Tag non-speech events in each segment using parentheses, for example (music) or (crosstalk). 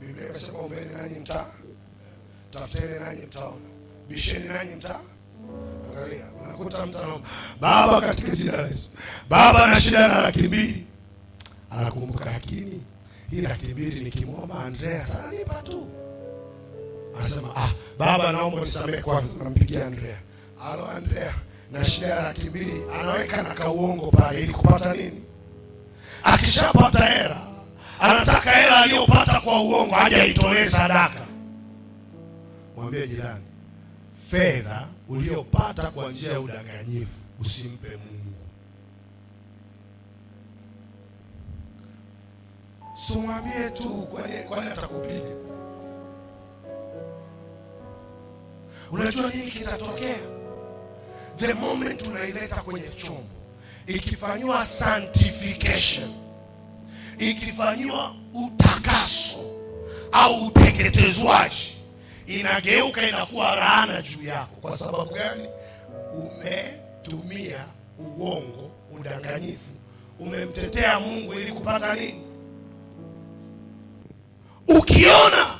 Biblia inasema ombeni nanyi mtaa, tafuteni nanyi mtaona, bisheni nanyi mtaa. Angalia, unakuta mtu anaomba Baba katika jina la Yesu, Baba na shida na laki mbili, anakumbuka lakini hii laki mbili nikimwomba Andrea ananipa tu, anasema ah, Baba naomba nisamehe kwanza, nampigia Andrea. alo Andrea, na shida ya laki mbili, anaweka na kauongo pale ili kupata nini? Akishapata hela anataka hela aliyopata kwa uongo aje aitolee sadaka. Mwambie jirani, fedha uliyopata kwa njia ya udanganyifu usimpe Mungu. Simwambie tu, kwani atakupiga? Unajua nini kitatokea? The moment unaileta kwenye chombo, ikifanywa sanctification Ikifanyiwa utakaso au uteketezwaji, inageuka inakuwa laana juu yako. Kwa sababu gani? Umetumia uongo, udanganyifu, umemtetea Mungu ili kupata nini? Ukiona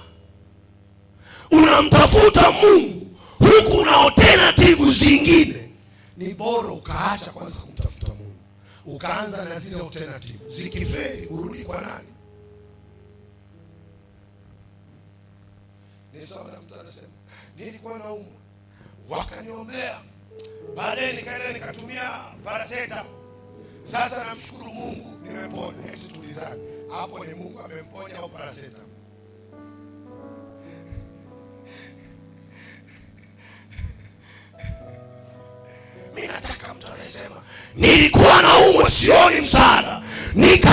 unamtafuta Mungu huku na alternative zingine, ni bora ukaacha kwanza kumtafuta Mungu ukaanza na zile alternative, zikiferi urudi kwa nani? Ni sawa na mtu anasema nilikuwa naumwa, wakaniombea, baadaye nikaenda nikatumia paraseta, sasa namshukuru Mungu nimepona. Eti tulizani hapo, ni Mungu amemponya au paraseta? (laughs) Mimi nataka mtu anasema nilikuwa na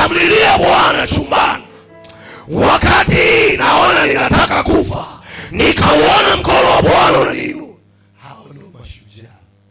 nikamlilia Bwana chumbani, wakati naona ninataka kufa, nikauona mkono wa Bwana unaniinua